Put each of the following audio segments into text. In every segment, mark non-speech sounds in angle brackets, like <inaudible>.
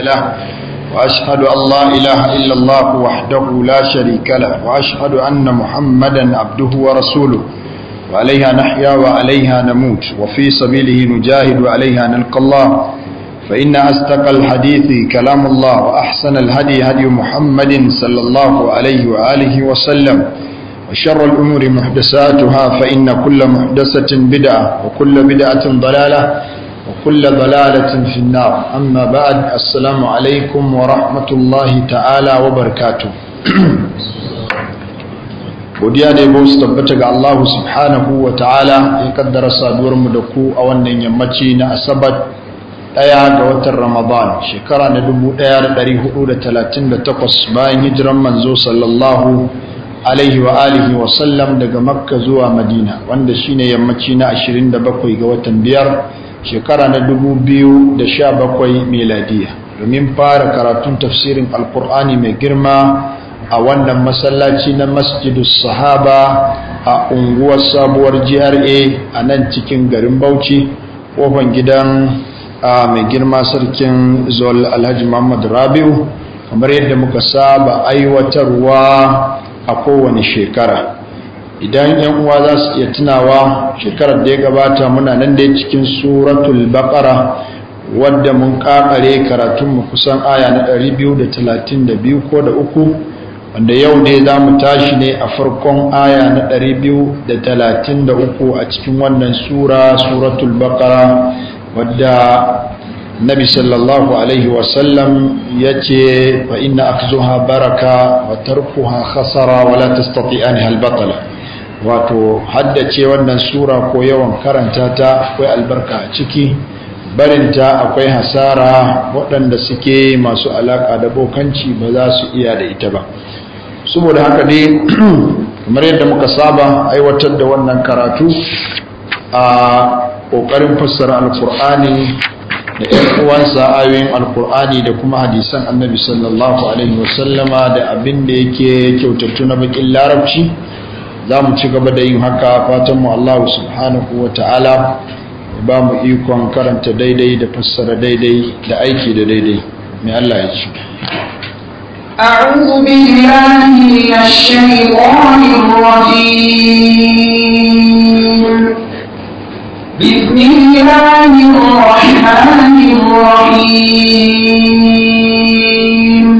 له وأشهد أن لا إله إلا الله وحده لا شريك له وأشهد أن محمدا عبده ورسوله وعليها نحيا وعليها نموت وفي سبيله نجاهد وعليها نلقى الله فإن أصدق الحديث كلام الله وأحسن الهدي هدي محمد صلى الله عليه وآله وسلم وشر الأمور محدثاتها فإن كل محدثة بدعة وكل بدعة ضلالة وكل ضلالة في النار أما بعد السلام عليكم ورحمة الله تعالى وبركاته godiya ne yabo su tabbata ga Allah subhanahu wa ta'ala ya kaddara saduwar mu da ku a wannan yammaci na asabar daya ga watan ramadan shekara na 1438 bayan hijiran manzo sallallahu alaihi wa alihi wa sallam daga makka zuwa madina wanda shine yammaci na 27 ga watan biyar shekara na dubu biyu da sha 2017 miladiya domin fara karatun tafsirin alkur'ani mai girma a wannan masallaci na masjidus sahaba a unguwar sabuwar GRA a nan cikin garin Bauchi kofan gidan mai girma sarkin Zol Alhaji Muhammad Rabiu kamar yadda muka saba aiwatarwa a kowane shekara idan yan uwa za su iya tunawa shekarar da ya gabata muna nan dai cikin suratul baqara wadda mun kakare karatun mu kusan aya na 232 ko da uku wanda yau ne za mu tashi ne a farkon aya na 233 a cikin wannan sura suratul baqara wadda nabi sallallahu alaihi wasallam ya ce fa inna akzuha baraka wa tarkuha khasara wa la tastati anha al-batala wato haddace wannan sura ko yawan karanta ta akwai albarka a ciki barinta akwai hasara waɗanda suke masu alaƙa da bokanci ba za su iya da ita ba saboda haka ne <clears throat> kamar yadda muka saba aiwatar da wannan karatu a ƙoƙarin fassara alkur'ani da ‘yan uwansa ayoyin alkur'ani da kuma hadisan annabi sallallahu alaihi wasallama da abin da yake kyautattu na bakin larabci za mu ci gaba da yin haka fatan mu Allah subhanahu wa ta'ala ba mu ikon karanta daidai da fassara daidai da aiki da daidai mai Allah ya ci أعوذ بالله من الشيطان الرجيم بسم الله الرحمن الرحيم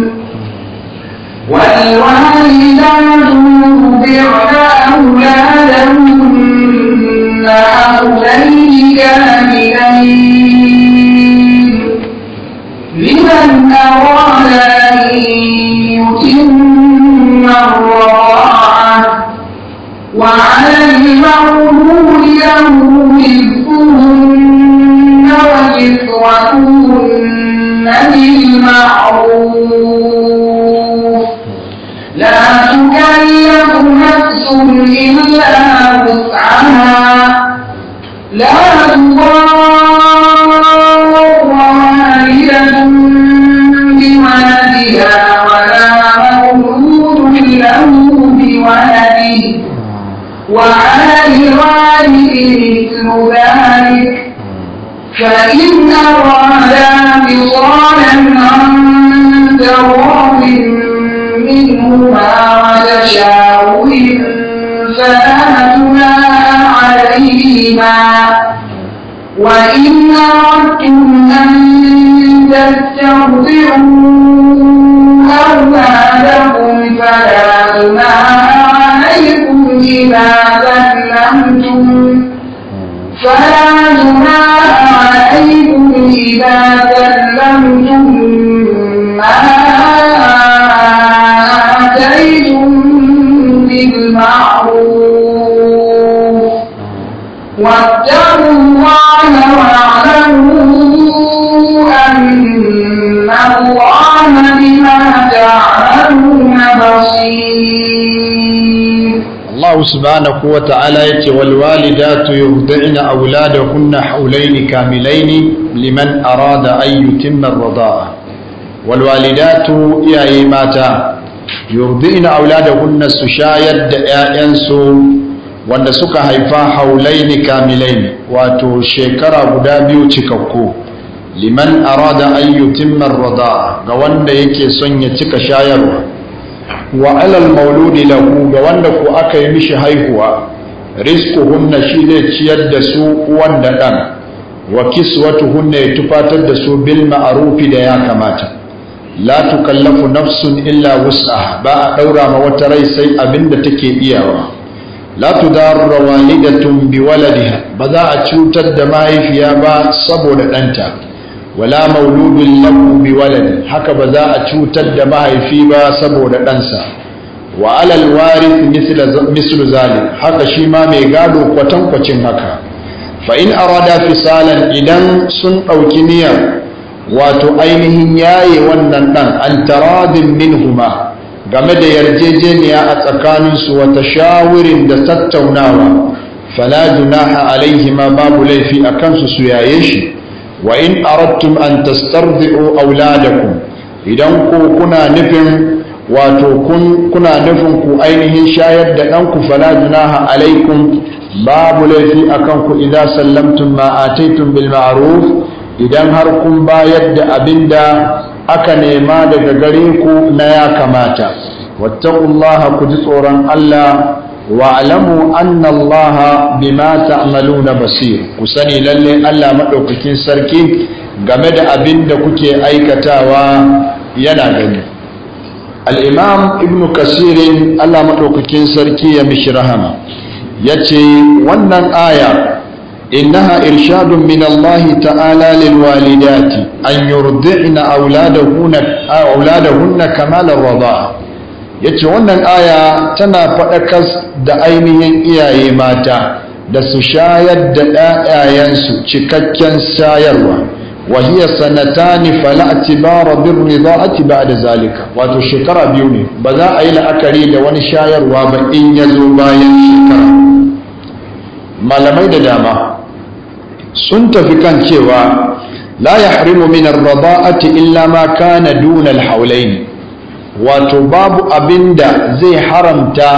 والوالدات يرضعن أولادهن حولين كاملين لمن أراد أن يتم الرضاعة وعلى المولود له رزقهن وكسوتهن بالمعروف إلا وسعها لا تضار والدة بولدها ولا مولود له بولده وعلى الوالد مثل ذلك فإن أرادا فصالا عن تراض منهما ودشا بها وإن أردتم أن تسترضعوا أولادكم فلا جناح عليكم إذا سلمتم فلا جناح عليكم إذا سلمتم ما آتيتم بالمعروف واتقوا الله واعلموا أن الله بما تعملون بصير الله سبحانه وتعالى والوالدات يرضعن أولادهن حولين كاملين لمن أراد أن يتم الرضاعة والوالدات يا إيماتا يرضعن أولادهن سشايد يا أنسو wanda suka haifa haulaini kamilaini wato shekara guda biyu cikakku liman arada an yutimma rada ga wanda yake son ya cika shayarwa wa alal mauludi lahu ga wanda ku aka yi mishi haihuwa rizquhunna shi zai ciyar da su wanda ɗan, dan wa kiswatuhunna ya tufatar da su bil ma'rufi da ya kamata la tukallafu nafsun illa wus'aha ba a daura ma wata rai sai abinda take iyawa la tudarra walidatun bi waladiha ba za a cutar da mahaifiya ba saboda ɗanta wala mauludun lahu bi waladi haka ba za a cutar da mahaifi ba saboda ɗansa wa alal warith mislu zalik haka shi ma mai gado kwatankwacin haka fa in arada fisalan idan sun ɗauki niyyar wato ainihin yaye wannan ɗan an taradin minhuma game da yarjejeniya a tsakaninsu wata shawirin da tattaunawa fala junaha alaihima babu laifi a kansu su yaye shi wa in aradtum an tastardi'u auladakum idan ku kuna nufin wato kuna nufin ku ainihin shayar da ɗanku fala junaha alaikum babu laifi a kanku idan sallamtum ma ataitum bil ma'ruf idan har kun bayar da abinda aka nema daga gare ku na ya kamata wattaqullaha ku ji tsoron Allah wa alamu anna Allah bima ta'maluna basir ku sani lalle Allah madaukakin sarki game da abin da kuke aikatawa yana gani al-imam ibn kasir Allah madaukakin sarki ya mishi rahama yace wannan aya إنها إرشاد من الله تعالى للوالدات أن يرضعن أولادهن أولادهن كمال الرضاعة yace wannan aya tana faɗakas da ainihin iyaye mata da su shayar da ɗayayensu cikakken shayarwa wa hiya sanatani fala atibara bin ridaati ba'da zalika wato shekara biyu ne ba za a yi la'akari da wani shayarwa ba in ya zo bayan shekara malamai da dama sun tafi kan cewa la yahrimu min ar illa ma kana duna al-hawlain wato babu abinda zai haramta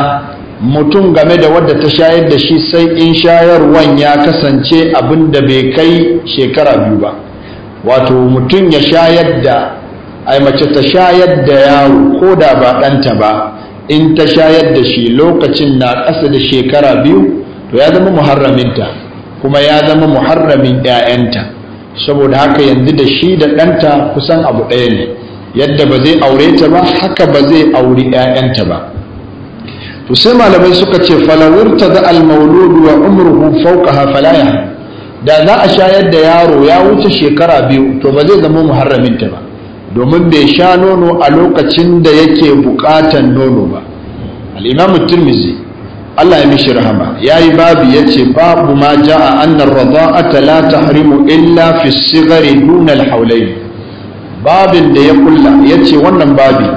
mutum game da wadda ta shayar da shi sai in shayarwan ya kasance abinda bai kai shekara biyu ba wato mutum ya shayar da ai mace ta shayar da ya ko da ba ɗanta ba in ta shayar da shi lokacin na ƙasa da shekara biyu to ya zama muharraminta kuma ya zama muharramin 'ya'yanta saboda haka yanzu da shi da ɗanta kusan abu ɗaya ne yadda ba zai aure ta ba haka ba zai auri 'ya'yanta ba to sai malamai suka ce falawurta da almauludu wa umruhu fawqaha falaya da za a shayar da yaro ya wuce shekara biyu to ba zai zama muharramin ta ba domin bai sha nono a lokacin da yake bukatan nono ba al-imam at-tirmidhi Allah ya mishi rahama yayi babu yace babu ma jaa anna ar-rada'ata la tahrimu illa fi as-sighari duna al babin da ya kulla yace wannan babi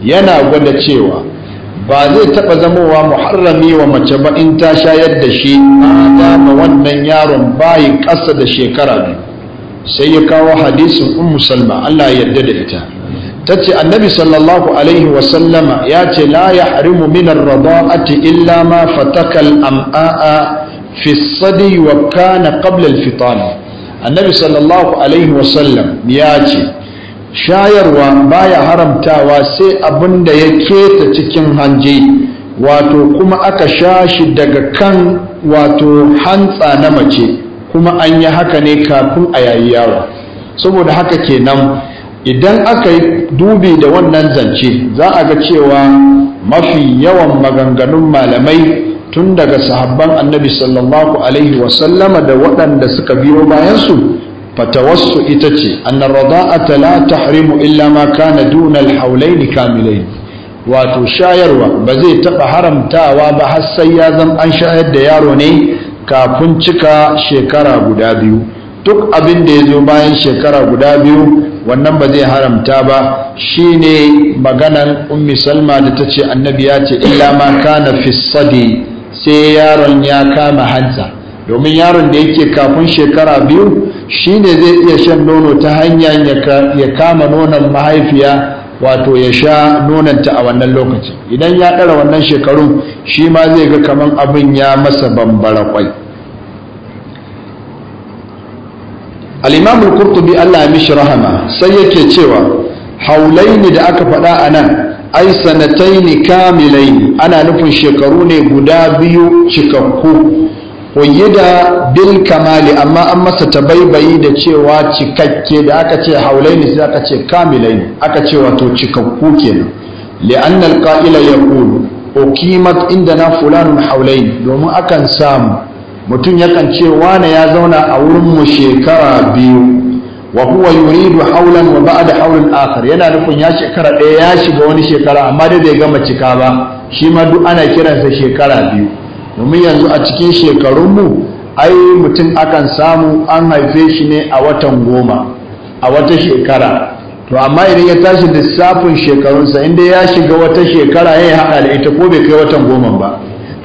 yana gwada cewa ba zai taba zamowa muharrami wa mace ba in ta shayar da shi a wannan yaron bayi ƙasa da shekara biyu sai ya kawo hadisin ummu salma Allah ya yarda da ita tace annabi sallallahu alaihi wasallama ya ce la yahrimu min ar-rada'ati illa ma fatakal al-am'a fi sadi wa kana qabla al annabi sallallahu alaihi wasallam ya ce shayarwa baya haramtawa sai da ya keta cikin hanji wato kuma aka sha shi daga kan wato hantsa na mace kuma an yi haka ne kafin a yayi yawa saboda haka kenan idan aka yi dubi da wannan zance za a ga cewa mafi yawan maganganun malamai tun daga sahabban annabi sallallahu alaihi wasallama da waɗanda suka biyo bayansu fatawarsu ita ce annar rada'ata la tahrimu illa ma kana duna alhaulaini kamilaini wato shayarwa ba zai taɓa haramtawa ba har sai ya zama an shayar da yaro ne kafin cika shekara guda biyu duk abin da ya zo bayan shekara guda biyu wannan ba zai haramta ba shine maganan ummi salma da ta ce annabi ya ce illa ma kana fissadi sai yaron ya kama hanta domin yaron da yake kafin shekara biyu shi ne zai iya shan nono ta hanyar ya kama nonon mahaifiya wato ya sha nonanta a wannan lokaci idan ya ɗara wannan shekarun shi ma zai ga kamar abin ya masa bambara kwai al-imam al-qurtubi Allah ya mishi rahama sai yake cewa haulaini da aka faɗa a nan ai sanataini kamilai ana nufin shekaru ne guda biyu cikakku da bil kamali amma an masa tabaibayi da cewa cikakke da aka ce haulaini sai aka ce kamilaini aka ce wato cikakku kenan li'annal qa'ila yaqulu uqimat indana fulanun haulaini domin akan samu mutum yakan ce wane ya zauna a wurinmu shekara biyu wa huwa yuridu haulan wa ba'da akar. akhar yana nufin ya shekara ɗaya ya shiga wani shekara amma dai bai gama cika ba shi ma duk ana kiransa shekara biyu domin yanzu a cikin shekarunmu ai mutum akan samu an haife shi ne a watan goma a wata shekara to amma idan ya tashi lissafin shekarunsa inda ya shiga wata shekara ya yi haɗa da ita ko bai kai watan goma ba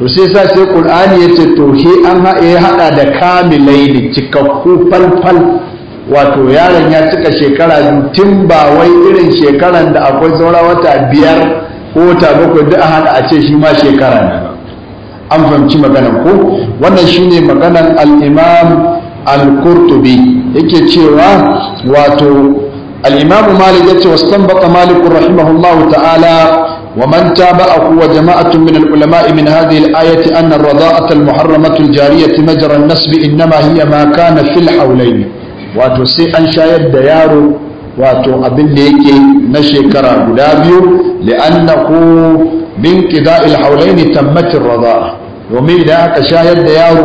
to sai sa sai qur'ani yace to he an ya haɗa da kamilaini cikakku falfal wato yaron ya cika shekara tun ba wai irin shekaran da akwai saura wata biyar ko wata bakwai duk a hada a ce shi ma shekara ne an fahimci maganan ko wannan shine maganan al-imam al-qurtubi yake cewa wato al-imam malik yace wastanbata malik rahimahullahu ta'ala ومن تابعه وجماعة من العلماء من هذه الآية أن الرضاءة المحرمة الجارية مجرى النسب إنما هي ما كان في الحولين وتسيء شايد ديار واتو أبنيك نشكر غلابيو لأنه من كذا الحولين تمت الرضاءة ومن ذاك شاهد ديار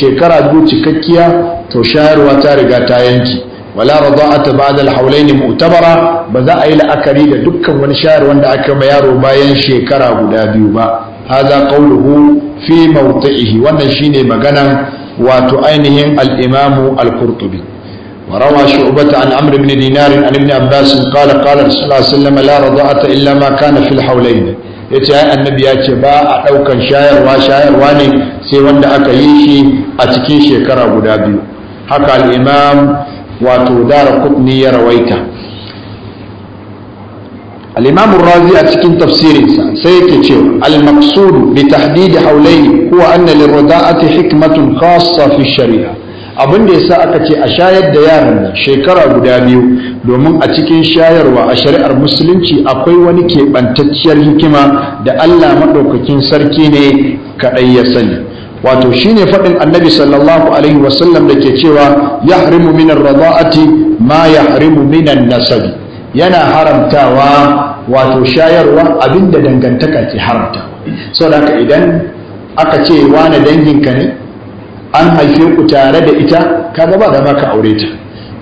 شكرا جوتي كيكيا تشاير وتارقا تاينكي wala rada'ata ba'da al-hawlayn mu'tabara ba za a yi la'akari da dukkan wani shayar wanda aka ma yaro bayan shekara guda biyu ba hadha qawluhu fi mawti'ihi wannan shine maganan wato ainihin al-imamu al-qurtubi وروى شعبة عن عمرو بن دينار عن ابن عباس قال قال رسول الله صلى الله عليه وسلم لا رضاعة إلا ما كان في الحولين ya ce annabi ya ce ba a ɗaukan shayarwa shayarwa ne sai wanda aka yi shi a cikin shekara guda biyu haka al'imam wato dara kutni ya rawaita al-imam a cikin tafsirinsa sai yake cewa al-maqsud bi tahdid hawlayhi huwa anna lirrada'ati hikmatun khassa fi shari'a abin da yasa aka ce a shayar da yaran shekara guda biyu domin a cikin shayarwa a shari'ar musulunci akwai wani keɓantacciyar hikima da Allah maɗaukakin sarki ne kaɗai ya sani wato shine faɗin annabi sallallahu alaihi wasallam da ke cewa harimu minan rada'ati ma harimu minan nasabi yana haramtawa wato shayarwa abinda dangantaka ke haramta saboda haka idan aka ce wane danginka ne an haife ku tare da ita kaga ba da maka aure ta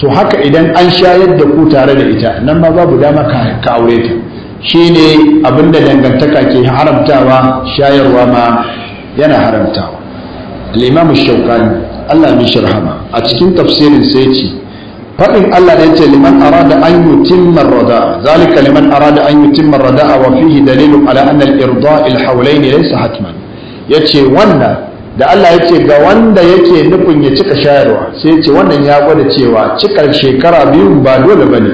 to haka idan an shayar da ku tare da ita nan ma babu dama ka aure ta shine abinda dangantaka ke haramtawa shayarwa ma yana haramtawa al-imam shaukani Allah a cikin tafsirin sai ce faɗin Allah da yace liman arada an yutimma ar-rada'a zalika liman arada an yutimma ar-rada'a wa fihi dalilun ala anna al-irda' al-hawlayn laysa hatman yace wannan da Allah yace ga wanda yake nufin ya cika shayarwa sai ya wannan ya gwada cewa cikar shekara biyu ba dole bane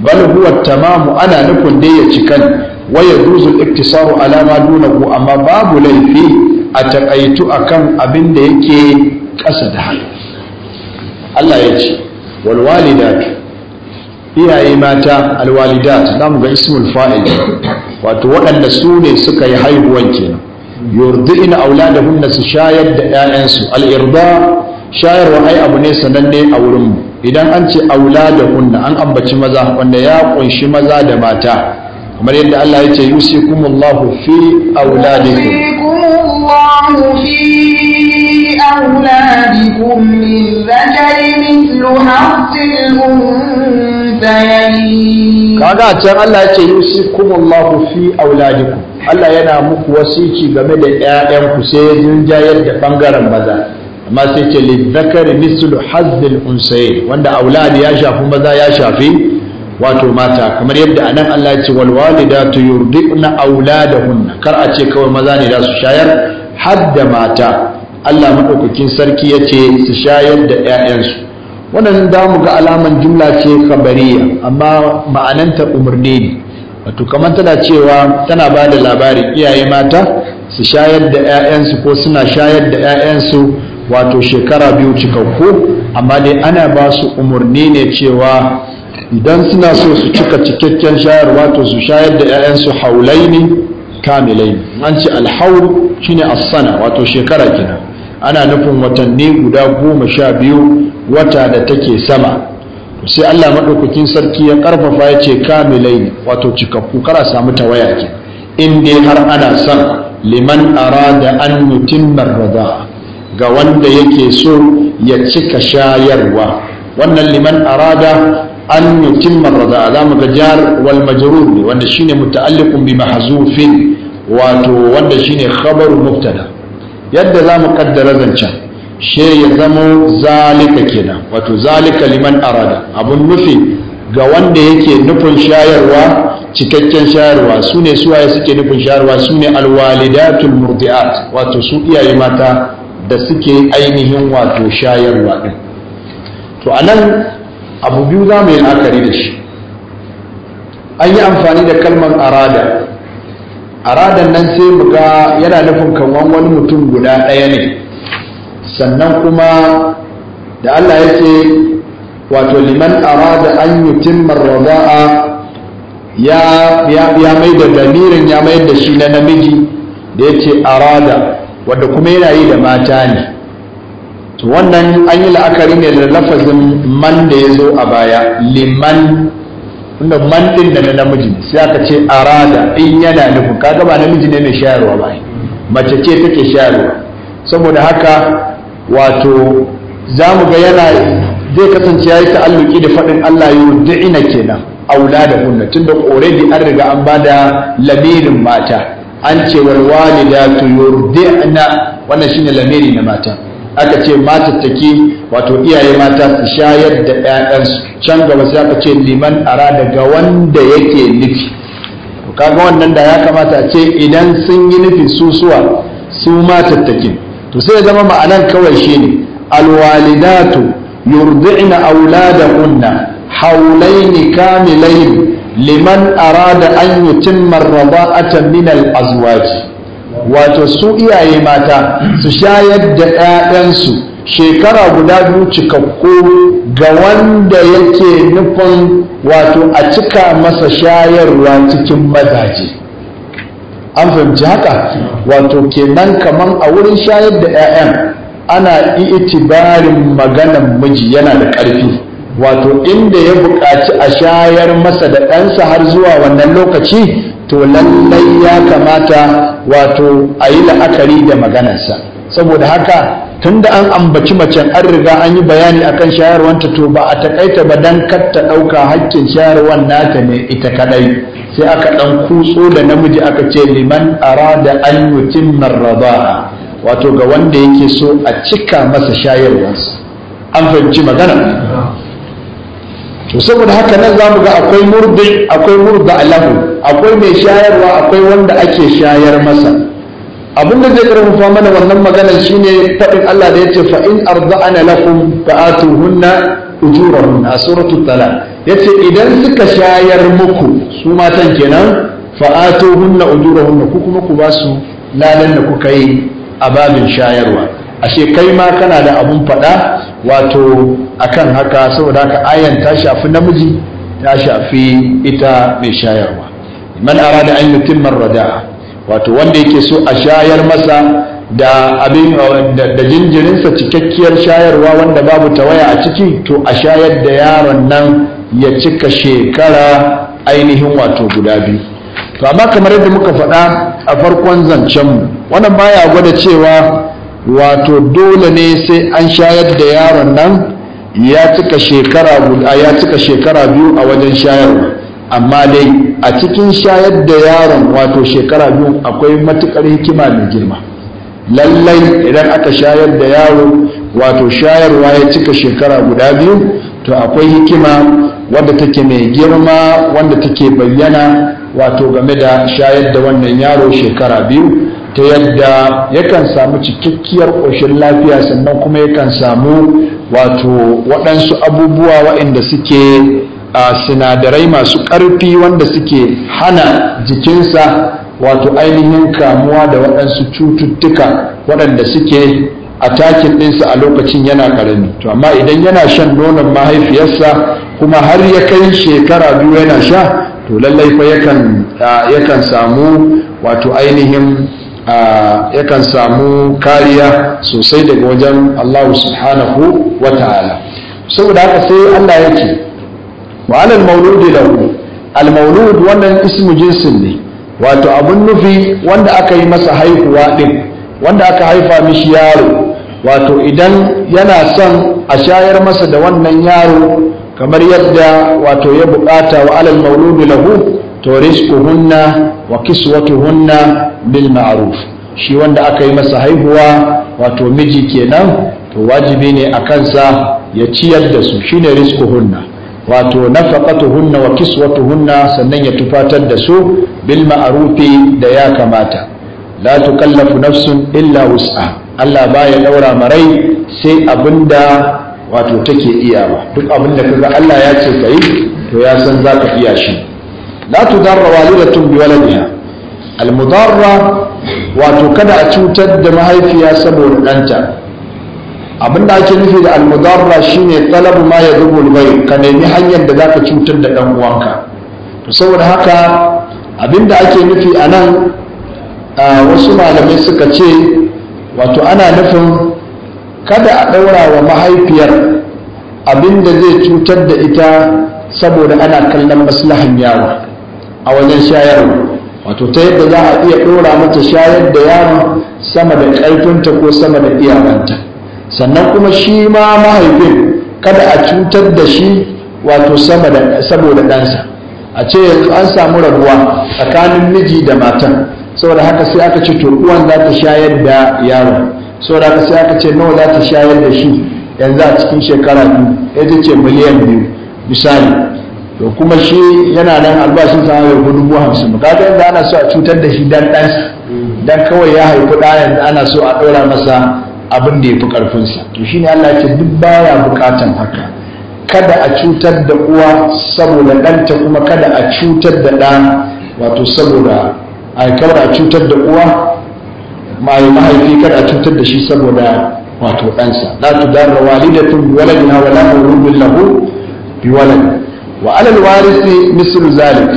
bal huwa tamamu ana nufin dai ya cikan waya duzul iktisaru alama ma dunahu amma babu laifi a takaitu kan abin da yake ƙasa da haka Allah ya ce walwalidat iyaye mata alwalidat za mu ga ismul fa'il wato waɗanda su ne suka yi haihuwan kenan yurdina auladahunna su shayar da 'ya'yansu al-irda shayarwa ai abu ne sananne a wurin mu idan an ce auladahunna an ambaci maza wanda ya kunshi maza da mata kamar yadda Allah ya ce yusikumullahu fi auladikum الله في أولادكم للذكر مثل حظ الأنثيين kaga can Allah ya ce yusikumullahu fi Allah yana muku wasiki game da ƴaƴan ku sai yin jinjayar da ɓangaren maza amma sai ce lizzakari mislu hazzil unsayin wanda auladi ya shafi maza ya shafi wato mata kamar yadda anan Allah ya ce wal walidatu yurdina auladahunna kar a ce kawai maza ne za su shayar hadda mata Allah maɗaukakin sarki ya ce su shayar da 'ya'yansu Wannan za mu ga alaman jumla ce kabariya amma ma'ananta umarni ne wato kamar tana cewa tana ba da labarin iyaye mata su shayar da 'ya'yansu ko suna shayar da 'ya'yansu wato shekara biyu cikakku amma dai ana ba su umarni ne cewa idan suna so su cika cikakken shayarwa to su shayar da 'ya'yansu haulai haulaini kamilaini an ce alhaul shine as-sana wato shekara kenan ana nufin watanni guda goma sha biyu wata da take sama sai Allah maɗaukakin sarki ya ƙarfafa ya ce kamilai ne wato cikakku kara samu tawaya ke in dai har ana son liman arada an mutimman rada ga wanda yake so ya cika shayarwa wannan liman arada an mutimman rada za mu ga jar wal majrur ne wanda shine muta'alliqun bi mahzufin wato wanda shine khabaru muftada yadda za mu kaddara shi she ya zama zalika kenan wato zalika liman arada abun nufi ga wanda yake nufin shayarwa cikakken shayarwa su ne suwaye suke nufin shayarwa su ne alwalidatul murdi'at wato su iyaye mata da suke ainihin wato shayarwa din to anan abu biyu za mu yi akari da shi an yi amfani da kalmar arada aradan nan sai mu ga yana nufin kan wani mutum guda ɗaya ne sannan kuma da Allah ya wato liman arada an yutimma rada'a ya ya mai da damirin ya mai da shi na namiji da ya arada wadda kuma yana yi da mata ne to wannan an yi la'akari ne da lafazin man da ya zo a baya liman wanda man din da na namiji sai aka ce arada in yana nufin kaga ba namiji ne mai shayarwa ba mace ce take shayarwa saboda haka wato za mu ga yana zai kasance yayi ta'alluki da faɗin Allah yurdina kenan kunna tunda already an riga an bada lamirin mata an ce wal walidatu yurdina wannan shine lamiri na mata aka ce matattaki wato iyaye mata su shayar da 'ya'yansu can gaba sai aka ce liman ara daga wanda yake nufi kaga wannan da ya kamata ce idan sun yi nufi susuwa su matattakin to sai ya zama ma'anar kawai shine alwalidatu yurdi'na auladahunna haulaini kamilain liman arada an yutimma ar min al wato su iyaye mata su shayar da 'ya'yansu shekara guda biyu cikakku ga wanda yake nufin wato a cika masa shayarwa cikin mazaje an fahimci haka wato kenan kaman a wurin shayar da 'ya'yan ana itibarin maganan miji yana da ƙarfi wato inda ya buƙaci a shayar masa da ɗansa har zuwa wannan lokaci to lallai ya kamata wato a yi la'akari da maganarsa saboda haka tunda an ambaci macen an riga an yi bayani akan shayarwanta to ba a takaita ba dan kar ta ɗauka hakkin shayarwar nata ne ita kadai sai aka ɗan kutso da namiji aka ce liman arada an yutimma rada'a wato ga wanda yake so a cika masa shayarwarsa an fahimci magana to saboda haka nan za mu ga akwai murdi akwai murda lahu akwai mai shayarwa akwai wanda ake shayar masa abin da zai karfafa mana wannan magana shine fadin Allah da yace fa in arda'ana lakum fa'atuhunna a suratu talaq yace idan suka shayar muku su matan kenan fa'atuhunna ujurahunna ku kuma ku basu su lalan da kuka yi a babin shayarwa ashe kai ma kana da abun fada. wato akan haka saboda haka ayan ta shafi namiji ta shafi ita mai shayarwa man arada an yutimma rada'a wato wanda yake so a shayar masa da abin da jinjirinsa cikakkiyar shayarwa wanda babu tawaya a ciki to a shayar da yaron nan ya cika shekara ainihin wato guda biyu to amma kamar yadda muka faɗa a farkon zancen mu wannan baya gwada cewa wato dole ne sai an shayar da yaron nan ya cika shekara guda ya cika shekara biyu a wajen shayarwa amma dai a cikin shayar da yaron wato shekara biyu akwai matukar hikima mai girma lallai idan aka shayar da yaro wato shayarwa ya cika shekara guda biyu to akwai hikima wadda take mai girma wanda take bayyana wato game da shayar da wannan yaro shekara biyu ta yadda yakan samu cikakkiyar ƙoshin lafiya sannan kuma yakan samu wato waɗansu abubuwa waɗanda suke a sinadarai masu ƙarfi wanda suke hana jikinsa wato ainihin kamuwa da waɗansu cututtuka waɗanda suke a takin ɗinsa a lokacin yana ƙarami to amma idan yana shan nonon mahaifiyarsa kuma har ya kai shekara biyu yana sha to lallai fa yakan samu wato ainihin yakan samu kariya sosai daga wajen Allah subhanahu wa ta'ala saboda haka sai Allah yake ce alal mauludi lahu al maulud wannan ismu jinsin ne wato abun nufi wanda aka yi masa haihuwa ɗin wanda aka haifa mishi yaro wato idan yana son a shayar masa da wannan yaro kamar yadda wato ya bukata wa alal mauludi lahu to hunna wa kiswatuhunna bil ma'ruf shi wanda aka yi masa haihuwa wato miji kenan to wajibi ne a kansa ya ciyar da su shine rizquhunna wato nafaqatuhunna wa kiswatuhunna sannan ya tufatar da su bil ma'rufi da ya kamata la tukallafu nafsun illa wus'a Allah baya daura marai sai abinda wato take iya ba duk abinda kaga Allah ya ce kai to ya san zaka iya shi la tudarra walidatun bi waladiha almudarra wato kada a cutar da mahaifiya saboda ɗanta abinda ake nufi da almudarra shine talabu ma ya zubul bai ka nemi hanyar da zaka cutar da ɗan uwanka to saboda haka abinda ake nufi a nan wasu malamai suka ce wato ana nufin kada a ɗaura wa mahaifiyar abinda zai cutar da ita saboda ana kallon maslahan yawa a wajen shayarwa wato ta yadda za a iya ɗora mata shayar da yaron sama da ƙarfinta ko sama da iyakanta sannan kuma shi ma mahaifin kada a cutar da shi wato sama da saboda ɗansa a ce yanzu an samu rabuwa tsakanin miji da matan saboda haka sai aka ce to uwan za ta shayar da yaron saboda haka sai aka ce nawa za ta shayar da shi yanzu a cikin shekara biyu ita ce miliyan biyu misali to kuma shi yana nan albashin sa ya gudu dubu hamsin kaga yanzu ana so a cutar da shi dan dan dan kawai ya haifi da yanzu ana so a ɗora masa abin da ya fi ƙarfinsa to shi ne Allah ce duk baya buƙatan haka kada a cutar da uwa saboda ɗanta kuma kada a cutar da ɗa wato saboda a kawar a cutar da uwa mai mahaifi kada a cutar da shi saboda wato ɗansa la tudarra walidatun bi waladina wala mawludun lahu bi wa alal warisi mislu zalik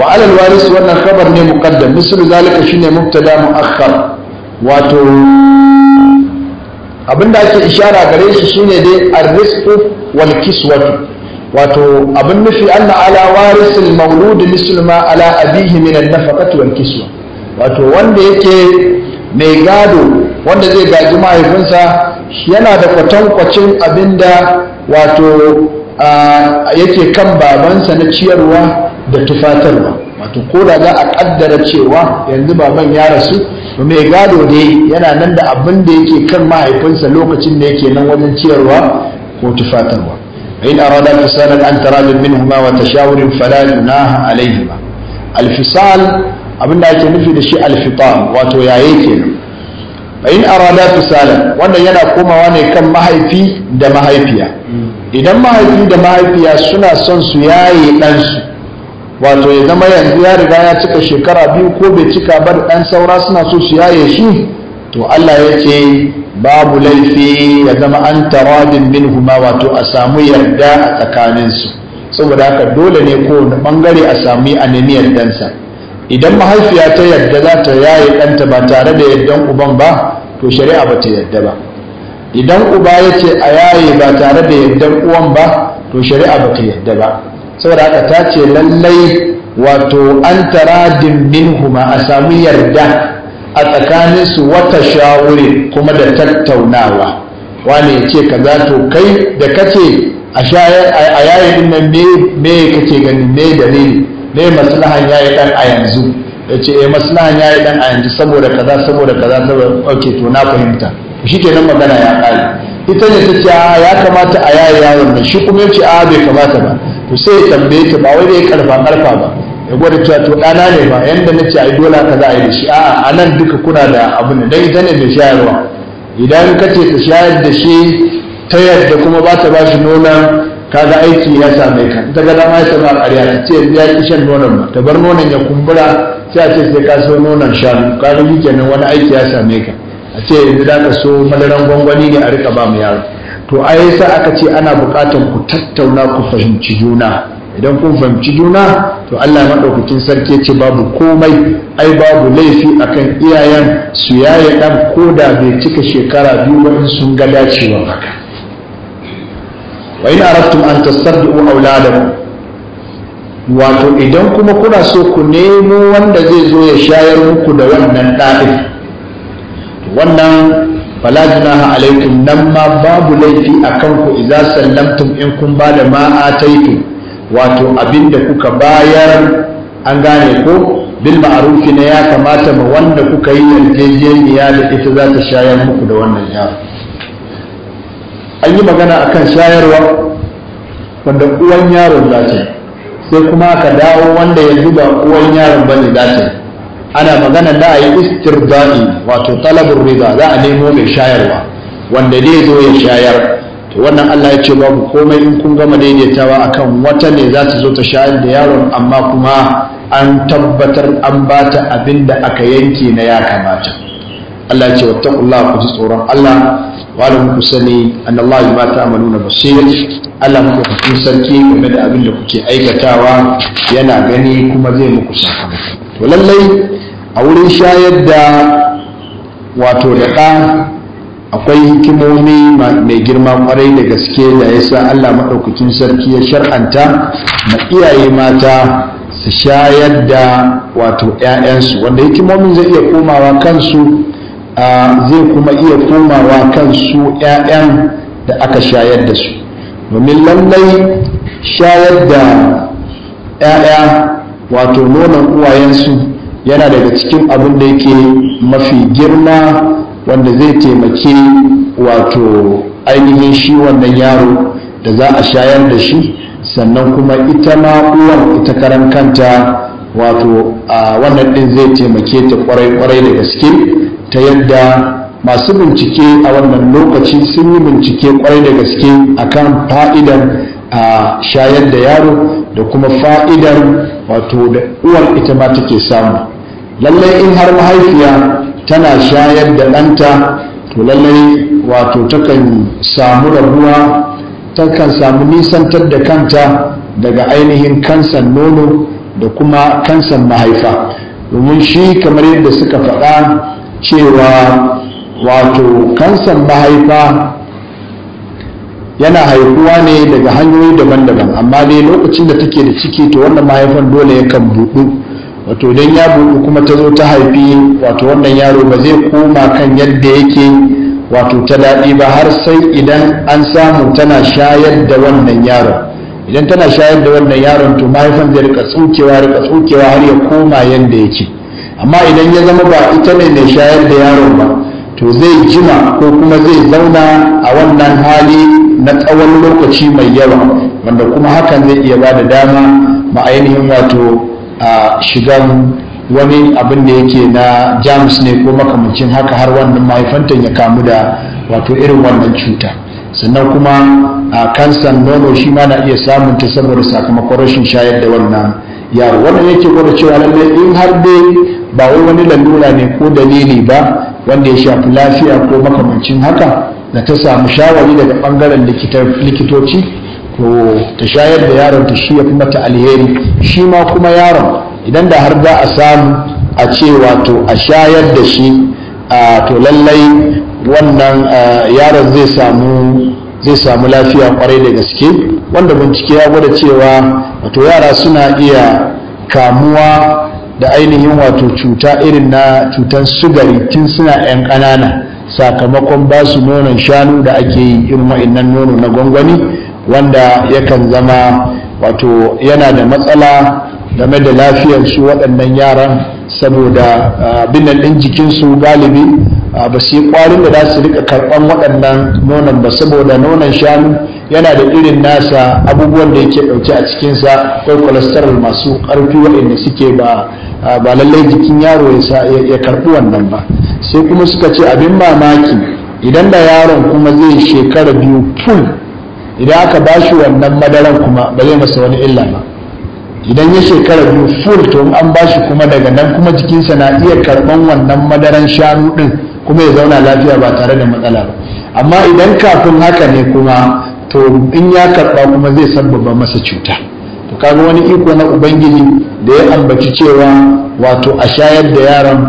wa alal warisi wannan khabar ne muqaddam mislu zalika shine mubtada muakhar wato abinda ake ishara gare shi shine dai arrisqu wal kiswatu wato abin nufi anna ala warisil mawlud mislu ma ala abihi min an-nafaqati wal kiswa wato wanda yake mai gado wanda zai gaji mahaifinsa yana da kwatankwacin abinda wato yake kan babansa na ciyarwa da tufatarwa wato ko da za a kaddara cewa yanzu baban ya rasu mai gado dai yana nan da abin da yake kan mahaifinsa lokacin da yake nan wajen ciyarwa ko tufatarwa in arada fisalan an tarabin huma wa tashawurin fala alaihi ba. alfisal abin da ake nufi da shi alfitam wato yaye kenan in arada fisalan wannan yana komawa ne kan mahaifi da mahaifiya idan mahaifi da mahaifiya suna son su yaye ɗansu wato ya zama yanzu ya riga ya cika shekara biyu ko bai cika ba ɗan saura suna so su yaye shi to Allah ya ce babu laifi ya zama an taradin min huma wato a samu yarda a tsakaninsu saboda haka dole ne ko bangare a sami a nemi idan mahaifiya ta yarda za ta yaye ɗanta ba tare da yardan uban ba to shari'a ba ta yarda ba idan uba ya ce a yaye ba tare da yardar uwan ba to shari'a ba ta yarda ba saboda haka ta ce lallai wato an tara dimbin kuma a samu yarda a tsakaninsu wata shawuri kuma da tattaunawa wani ya ce kaza to kai da kace a yayi din nan me kake gani me dalili me maslahan yayi dan a yanzu ya ce eh maslahan yayi dan a yanzu saboda kaza saboda kaza saboda ok to na fahimta shi kenan magana ya ƙare ita ne ta ce ya kamata a yaya yaron nan shi kuma ya ce a bai kamata ba to sai ya tambaye ta ba wai da ya karfa karfa ba ya gwada cewa to ɗana ne ba yanda na ce a yi dole ka za a yi da shi a'a a nan duka kuna da abu ne don ita ne mai shayarwa idan ka ce ta shayar da shi ta yadda kuma ba ta ba shi kaga aiki ya same ka ita ga dama ya same ƙarya ta ce ya ki shan nonon ba ta bar nonon ya kumbura sai a ce sai ka so nonon shanu kaga kenan wani aiki ya same ka a ce yanzu da ka so madaran gwangwani ne a rika ba mu yaro to a sa aka ce ana bukatar ku tattauna ku fahimci juna idan kun fahimci juna to Allah maɗaukacin sarki ya ce babu komai ai babu laifi akan iyayen su yaye ɗan ko da bai cika shekara biyu ba in sun ga dacewa haka wa ina arabtum an tastabbi'u auladan wato idan kuma kuna so ku nemo wanda zai zo ya shayar muku da wannan ɗafin wannan fala junaha alaikum nan ma babu laifi a kanku idza sallamtum in kun ba da ma wato abin da kuka bayar an gane ko bil ma'arufi ne ya kamata ma wanda kuka yi yarjejeniya da ita za ta shayar muku da wannan ya an yi magana akan shayarwa wanda uwan yaron za ta sai kuma aka dawo wanda ya zuba uwan yaron bane za ta yi ana magana da a yi istirda'i wato talabar riba za a nemo mai shayarwa wanda dai zo ya shayar to wannan Allah ya ce babu komai in kun gama daidaitawa akan wata ne za ta zo ta shayar da yaron amma kuma an tabbatar an ba ta abin da aka yanke na ya kamata Allah ya ce wattaqullaha ku ji tsoron Allah wa lam ku sani annallahi ma ta'maluna basir Allah ku ku sarki game da abin da kuke aikatawa yana gani kuma zai muku sakamako to lallai a wurin shayar da wato da akwai hikimomi mai girma kwarai da gaske da ya sa allah maɗaukakin sarki ya shar'anta na iyaye mata su shayar da wato 'ya'yansu wanda hikimomin zai iya komawa kansu zai kuma iya komawa kansu 'ya'yan da aka shayar da su domin lallai shayar da 'ya'ya wato nonon uwayensu yana daga cikin abin da yake mafi girma wanda zai taimake wato ainihin shi wannan yaro da za a shayar da shi sannan kuma ita ma uwan ita karan kanta wato a wannan ɗin zai taimake ta kwarai-kwarai da gaske ta yadda masu bincike a wannan lokaci sun yi bincike kwarai da gaske akan fa'idan a shayar da yaro da kuma fa'idan. wato da uwar ita ma take samu lallai in har mahaifiya tana shayar da ɗanta to lallai wato takan samu rabuwa takan samu nisantar da kanta daga ainihin kansan nono da kuma kansan mahaifa domin shi kamar yadda suka faɗa cewa wato kansan mahaifa yana haihuwa ne daga hanyoyi daban-daban amma dai lokacin da take da ciki to wannan mahaifan dole yakan buɗu wato idan ya buɗu kuma ta zo ta haifi wato wannan yaro ba zai koma kan yadda yake wato ta daɗi ba har sai idan an samu tana shayar da wannan yaron idan tana shayar da wannan yaron to mahaifan zai rika tsukewa rika tsukewa har ya koma yadda yake amma idan ya zama ba ita ne mai shayar da yaron ba to zai jima ko kuma zai zauna a wannan hali na tsawon lokaci mai yawa wanda kuma hakan zai iya ba da dama ma ainihin wato a shigan wani abin da yake na jamus ne ko makamancin haka har wannan mahaifantan ya kamu da wato irin wannan cuta sannan kuma a kansan nono shi ma na iya samun ta saboda sakamakon rashin shayar da wannan yaro wannan yake gwada cewa lallai in har dai ba wai wani lalura ne ko dalili ba wanda ya shafi lafiya ko makamancin haka da ta samu shawari daga bangaren likitoci ko ta shayar da yaron ta shi ya kuma ta alheri shi ma kuma yaron idan da har za a samu a ce wato a shayar da shi a to lallai wannan yaron zai samu zai samu lafiya kwarai da gaske wanda bincike ya gwada cewa wato yara suna iya kamuwa da ainihin wato cuta irin na cutan sugari tun suna 'yan ƙanana sakamakon ba su nonon shanu da ake yi irin nan nono na gwangwani wanda yakan zama wato yana da matsala game da lafiyar su waɗannan yaran saboda ah, binnan ɗin jikinsu galibi ba su yi kwarin da za su rika karɓan waɗannan nonon ba saboda nonon shanu yana da irin nasa abubuwan da yake ɗauke a cikinsa akwai cholesterol masu ƙarfi waɗanda suke ba ba lallai jikin yaro ya karɓi wannan ba sai kuma suka ce abin mamaki idan da yaron kuma zai shekara biyu full idan aka ba shi wannan madaran kuma ba zai masa wani illa ba idan ya shekara biyu full to an ba shi kuma daga nan kuma jikinsa na iya karɓan wannan madaran shanu ɗin kuma ya zauna lafiya ba tare da matsala ba amma idan kafin haka ne kuma to in ya karɓa kuma zai sabbaba masa cuta to kaga wani iko na ubangiji da ya ambaci cewa wato a shayar da yaran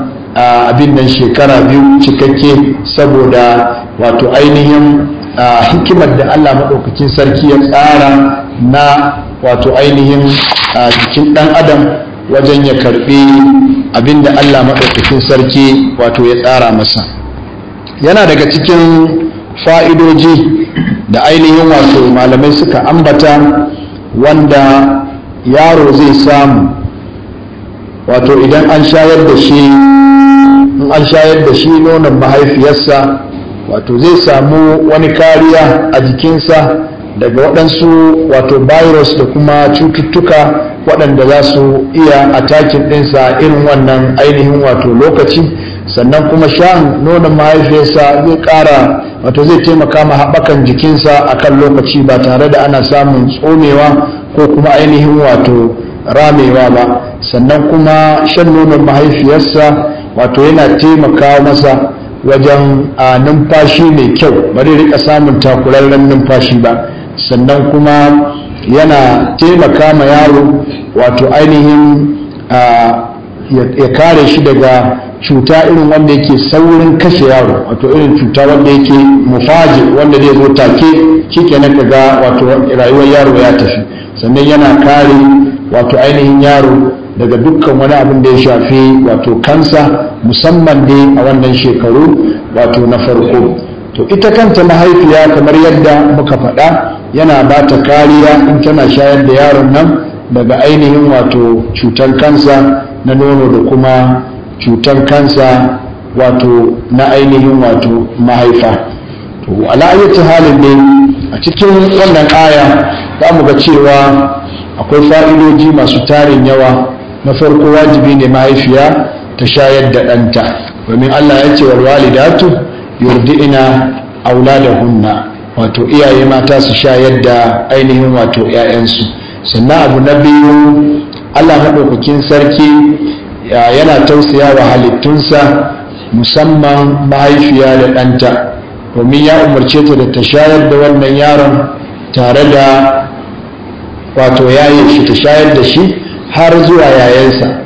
abin nan shekara biyu cikakke saboda wato ainihin hikimar da Allah maɗaukacin sarki ya tsara na wato ainihin jikin ɗan adam wajen ya karɓi abinda Allah maɗaukakin sarki wato ya tsara masa yana daga cikin fa'idoji da ainihin wato malamai suka ambata wanda yaro zai samu wato idan an shayar da shi in an shayar da shi nonon mahaifiyarsa wato zai samu wani kariya a jikinsa daga waɗansu wato virus da kuma cututtuka waɗanda za su iya takin ɗinsa irin wannan ainihin wato lokaci sannan kuma shan nonon mahaifiyarsa zai ƙara wato zai taimaka ma haɓakan jikinsa a kan lokaci ba tare da ana samun tsomewa ko kuma ainihin wato ramewa ba sannan kuma shan nonon mahaifiyarsa wato yana taimaka masa wajen a numfashi mai kyau bari rika samun takurarren numfashi ba sannan kuma yana taimaka ma yaro wato ainihin ya kare shi daga cuta irin wanda yake saurin kashe yaro wato irin cuta wanda yake mufaji wanda zai zo take shikenan kaga wato rayuwar yaro ya tafi sannan yana kare wato ainihin yaro daga dukkan wani abin da ya shafi wato kansa musamman dai a wannan shekaru wato na farko to ita kanta mahaifiya kamar yadda muka faɗa yana ba ta kariya in tana shayar da yaron nan daga ainihin wato cutar kansa na nono da kuma cutar kansa wato na ainihin wato mahaifa to ala'ayyar halin dai a cikin wannan aya za mu ga cewa akwai fa'idoji masu tarin yawa na farko wajibi ne mahaifiya ta shayar da ɗanta domin allah ya ce walwalidatu yurdi'ina auladahunna wato iyaye mata su shayar da ainihin wato 'ya'yansu sannan abu na biyu allah maɗaukakin sarki yana tausaya wa halittunsa musamman mahaifiya da ɗanta domin ya umarce ta da ta shayar da wannan yaron tare da wato yayin shi ta shayar da shi har zuwa yayansa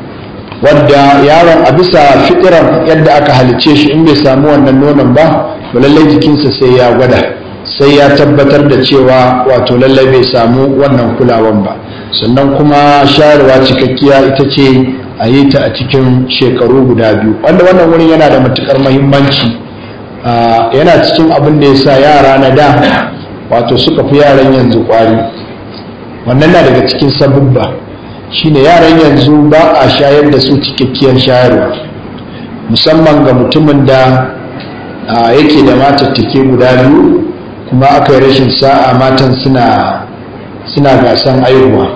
wadda yaron a bisa fitirar yadda aka halicce shi in bai samu wannan nonon ba ba lallai jikinsa sai ya gwada sai ya tabbatar da cewa wato lallai bai samu wannan kulawan ba sannan kuma shayarwa cikakkiya ita ce a yi ta a cikin shekaru guda biyu wanda wannan wurin yana da matukar mahimmanci yana cikin abin da ya sa yara na da wato suka fi yaran yanzu kwari wannan na daga cikin sabubba shine yaran yanzu ba a shayar da su cikakkiyar shayarwa musamman ga mutumin da yake da matattake guda biyu kuma aka yi rashin sa'a matan suna suna gasan aihuwa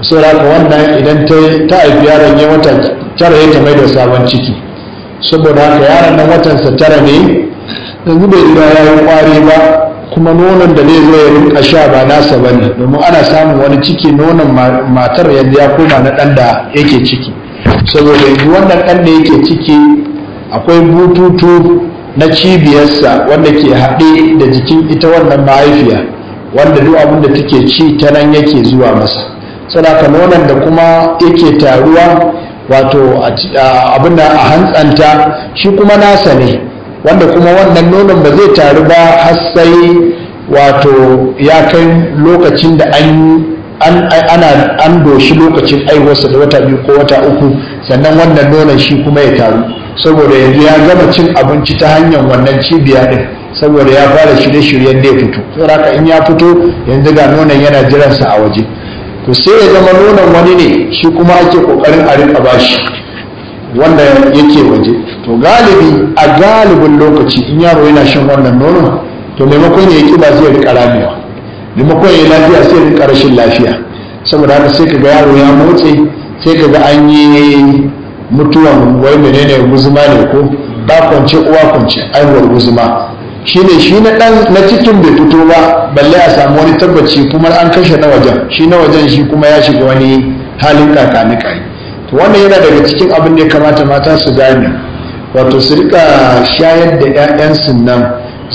saboda wannan idan ta haifi yaron ya wata tara ya ta mai da sabon ciki saboda haka yaron nan watansa tara ne yanzu bai riga ya yi kwari ba kuma nonon da zai zo ya rinka sha ba nasa ba ne domin ana samun wani ciki nonon matar yanzu ya koma na ɗan da yake ciki saboda yanzu wannan ɗan da yake ciki akwai bututu na cibiyarsa wanda ke haɗe da jikin ita wannan mahaifiya wanda duk abin da take ci ta nan yake zuwa masa ka nonon da kuma yake taruwa wato abin da a hantsanta shi kuma nasa ne wanda kuma wannan nonon ba zai taru ba har sai wato ya kai lokacin da an ana an doshi lokacin aiwarsa da wata biyu ko wata uku sannan wannan nonon shi kuma ya taru saboda yanzu ya gama cin abinci ta hanyar wannan cibiya din saboda ya fara shirye-shiryen da ya fito saboda haka in ya fito yanzu ga nonon yana jiransa a waje to sai ya zama nonon wani ne shi kuma ake kokarin a rinka bashi wanda yake waje to galibi a galibin lokaci in yaro yana shan wannan nono to maimakon ya yi kiba zai rika ramewa maimakon ya yi lafiya sai rika rashin lafiya saboda haka sai kaga yaro ya motse sai kaga an yi mutuwan wai menene guzuma ne ko ba kwance uwa kwance aiwar guzuma shine shi na dan na cikin bai fito ba balle a samu wani tabbaci kuma an kashe na wajen shi na wajen shi kuma ya shiga wani halin kakani kai wannan yana daga cikin abin da ya kamata mata su gane wato su rika shayar da 'ya'yansu nan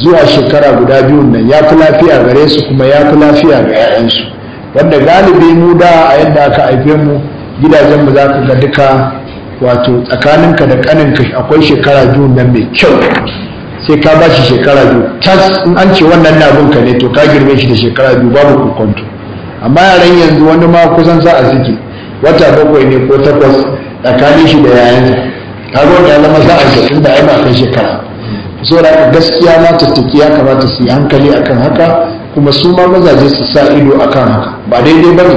zuwa shekara guda biyun nan ya fi lafiya gare su kuma ya fi lafiya ga 'ya'yansu wanda galibi mu da a yadda aka haife mu gidajen mu za ka ga duka wato tsakaninka da kaninka akwai shekara biyun nan mai kyau sai ka ba shi shekara biyu tas in an ce wannan na ka ne to ka girme shi da shekara biyu babu kokonto amma yaran yanzu wani ma kusan za a ziki wata bakwai ne ko takwas tsakanin shi da yayansa kaga wanda ya zama sa'ar da ai ba kan shekara so da gaskiya na tattaki ya kamata su yi hankali akan haka kuma su ma mazaje su sa ido akan haka ba daidai ba ne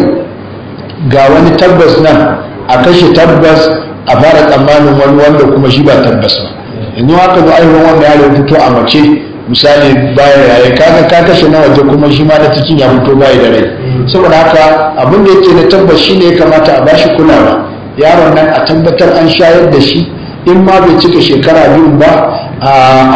ga wani tabbas na a kashe tabbas a fara tsammanin wani wanda kuma shi ba tabbas ba yanzu haka zo ainihin wanda yaro fito a mace misali bayan yaya kaga ka kashe na waje kuma shi ma da cikin ya fito bayi da rai saboda haka abin da yake na tabbas shi ne kamata a bashi kulawa yaron nan a tabbatar an shayar da shi in ma bai cika shekara biyu ba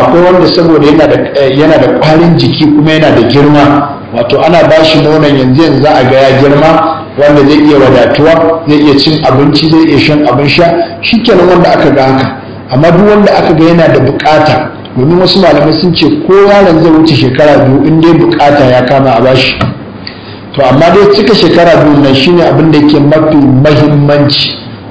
akwai wanda saboda yana da kwarin eh, jiki kuma yana da girma wato ana bashi nonon yanzu yanzu za a ga girma wanda zai iya wadatuwa zai iya cin abinci zai iya shan abin sha shi kenan wanda aka ga haka amma duk wanda aka ga yana da bukata domin wasu malamai sun ce ko yaron zai wuce shekara biyu in dai bukata ya kama a bashi to amma dai cika shekara biyu nan shine abin da yake mafi mahimmanci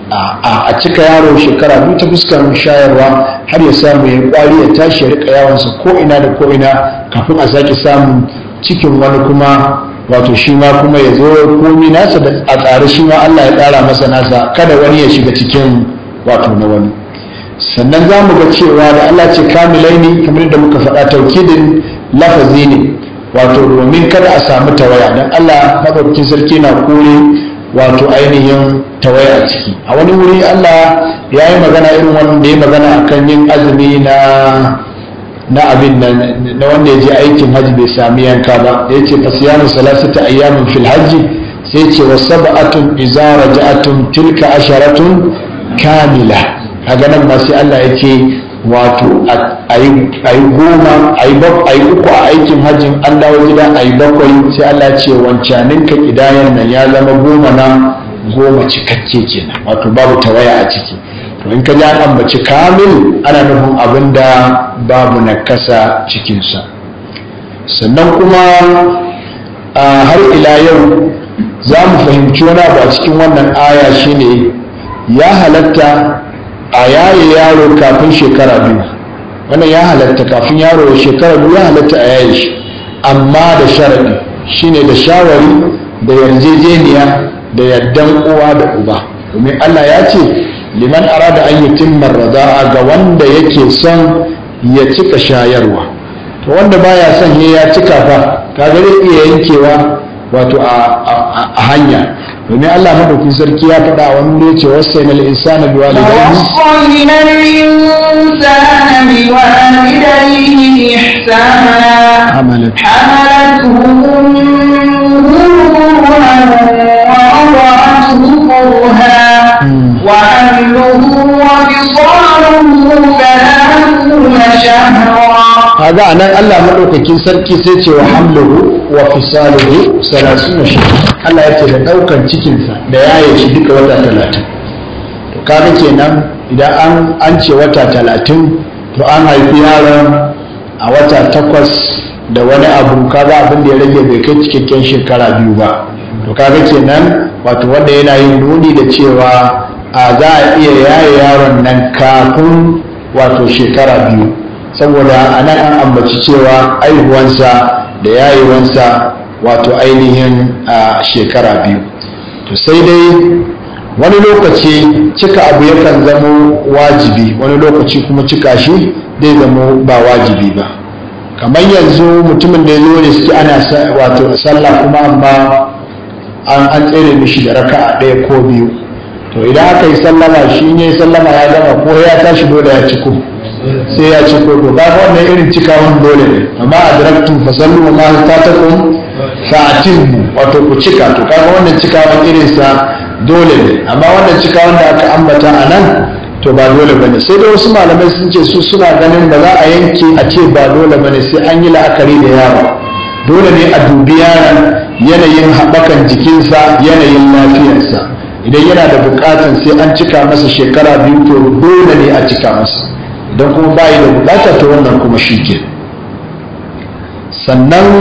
a cika yaro shekara biyu ta fuskar shayarwa har ya samu ya kwari ya tashi ya rika yawansa ko ina da ko ina kafin a sake samun cikin wani kuma wato shi ma kuma ya zo komi nasa da a tsare shi ma Allah ya tsara masa nasa kada wani ya shiga cikin wato na wani sannan za mu ga cewa da Allah ce kamilai ne kamar da muka faɗa taukidin lafazi ne wato domin kada a samu tawaya don Allah maɗaukakin sarki na kore wato ainihin tawaya a ciki a wani wuri Allah ya yi magana irin wanda ya magana akan yin azumi na na abin nan na wanda ya je aikin hajji bai sami yanka ba ya ce fasiyamu salasata ayyamin fil hajji sai ce wa sab'atun idza raja'atun tilka asharatun kamila A ganin ma sai Allah yake wato a yi goma a yi uku a aikin hajjin an dawo gida a yi bakwai sai Allah ce wancanin ka kidayan nan ya zama goma na goma cikakke kenan wato babu tawaya a ciki to in ka ji an ambaci kamil ana nufin abin da babu na kasa cikinsa sannan kuma har ila yau za mu fahimci wani abu a cikin wannan aya shine ya halatta a yaye yaro kafin shekara biyu wannan ya halatta kafin yaro ya shekara biyu ya halatta a yaye shi amma da sharaɗi shine da shawari da yarjejeniya da yardan uwa da uba domin Allah ya ce liman arada an yutimma raza'a ga wanda yake son ya cika shayarwa to wanda baya son ya cika fa kaga zai iya yankewa wato a hanya ومع الله مدرك زركيا كدا ومليك وسين الإنسان بوالديه ووصينا الإنسان بوالديه إحسانا حملت حملته أمه وأضعته كرها وأمه kaga a nan Allah maɗaukakin sarki sai ce wa hamluhu wa fisaluhu salasuna shi Allah ya ce da ɗaukan cikinsa da yaye shi duka wata talatin to kaga kenan idan an an ce wata talatin to an haifi yaron a wata takwas da wani abu kaga abin da ya rage bai kai cikakken shekara biyu ba to kaga kenan wato wanda yana yin nuni da cewa a za a iya yaye yaron nan kafin wato shekara biyu saboda a nan an ambaci cewa aihuwansa da yayewansa wato ainihin a shekara biyu to sai dai wani lokaci cika abu yakan zama wajibi wani lokaci kuma cika shi zai zamo ba wajibi ba kamar yanzu mutumin da ya zo ne suke ana wato sallah kuma amma an tsere mishi da raka'a ɗaya ko biyu to idan aka yi sallama shi ne sallama ya gama ko ya tashi dole ya ciko sai ya ciko to ba wannan irin wani dole ne amma a direktun fasallu ma ta kun fa'atin wato ku cika to ga wannan wani irin sa dole ne amma wannan cika da aka ambata a nan to ba dole bane sai dai wasu malamai sun ce su suna ganin ba za a yanke a ce ba dole bane sai an yi la'akari da yaro dole ne a dubi yaron yanayin haɓakan jikinsa yanayin lafiyarsa idan yana da bukatan sai an cika masa shekara biyu to dole ne a cika masa idan kuma bayi da bukata to wannan kuma shi ke sannan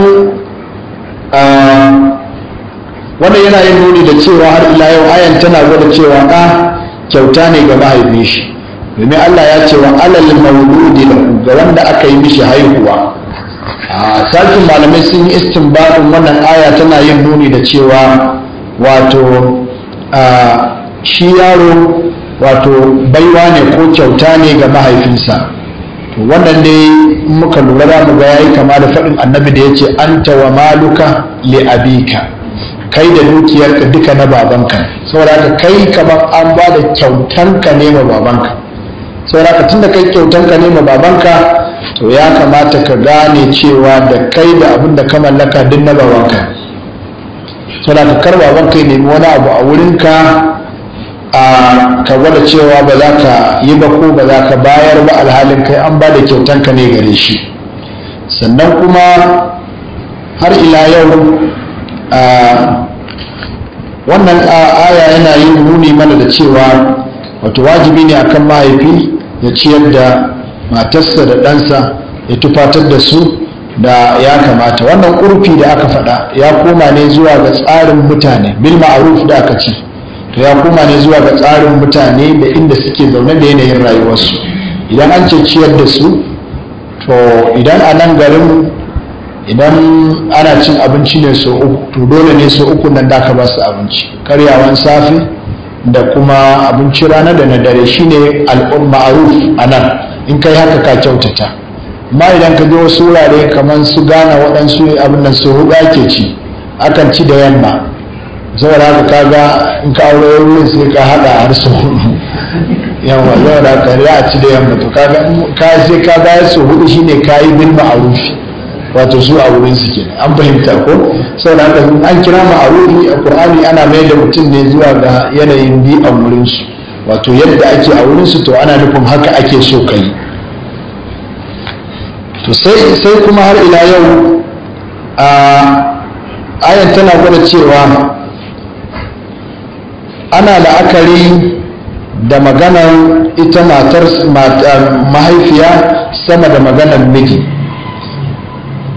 wannan yana yin nuni da cewa har ila yau ayan tana gwada cewa ɗa kyauta ne ga mahaifin shi domin Allah ya ce wa alal mawludi lahu ga wanda aka yi mishi haihuwa a sakin malamai sun yi istinbarin wannan aya tana yin nuni da cewa wato shi yaro wato baiwa ne ko kyauta ne ga mahaifinsa to wannan dai muka lura za mu ga yayi kama da faɗin annabi da yace anta wa maluka li abika kai da dukiyarka duka na babanka saboda ka kai kamar an ba da kyautanka ne ma babanka saboda ka tunda kai kyautanka ne ma babanka to ya kamata ka gane cewa da kai da abin da ka mallaka duk na babanka suna ka karba ban kai nemi wani abu a wurinka a ka gwada cewa ba za ka yi ba ko ba za ka bayar ba alhalin kai an ba da ka ne gare shi sannan kuma har ila yau wannan aya yana yin nuni mana da cewa wato wajibi ne akan mahaifi ya ciyar da matarsa da ɗansa ya tufatar da su da ya kamata wannan ƙurfi da aka faɗa ya koma ne zuwa ga tsarin mutane bil ma'ruf da aka ci to ya koma ne zuwa ga tsarin mutane da inda suke zaune da yanayin rayuwarsu idan an ce ciyar da su to idan a nan garin idan ana cin abinci ne so uku to dole ne so uku nan da ka ba su abinci karyawan safe da kuma abinci rana da na dare shine al'umma ma'ruf a nan in kai haka ka kyautata ma idan ka je wasu wurare kamar su gana waɗansu abin nan su huɗu ake ci akan ci da yamma wada ka kaga in ka aure wurin sai ka haɗa har su hudu yamma zai wada ka a ci da yamma to kaga ka sai ka ga su huɗu shine ka yi bil ma'arufi wato su a wurin su ke an fahimta ko saboda haka an kira ma'arufi a qur'ani ana mai da mutum ne zuwa ga yanayin bi a wurin su wato yadda ake a wurin su to ana nufin haka ake so ka yi to sai sai kuma har ila yau a ayan tana gwada cewa ana la'akari da maganar ita matar mahaifiya sama da maganar miji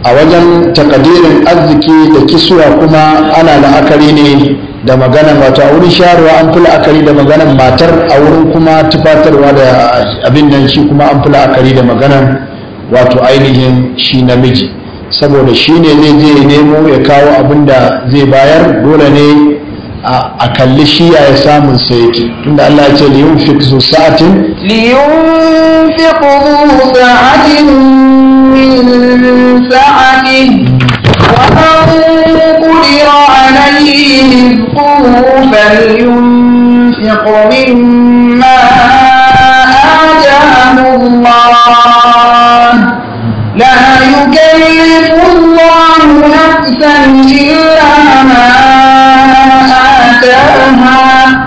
a wajen takadirin arziki da kisuwa kuma ana la'akari ne da maganar wato a wurin sharuwa an fi la'akari da maganar matar a wurin kuma tufatarwa da abin nan shi kuma an fi la'akari da maganar wato ainihin shi namiji saboda shi ne zai je nemo ya kawo abin da zai bayar dole ne a kalli shi ya samun sa tunda Allah ya ce liyun fi zu sa'atin liyun fi zu sa'atin min sa'atin wa man qudira alayhi rizquhu falyunfiq mimma لا يكلف الله نفسا إلا ما آتاها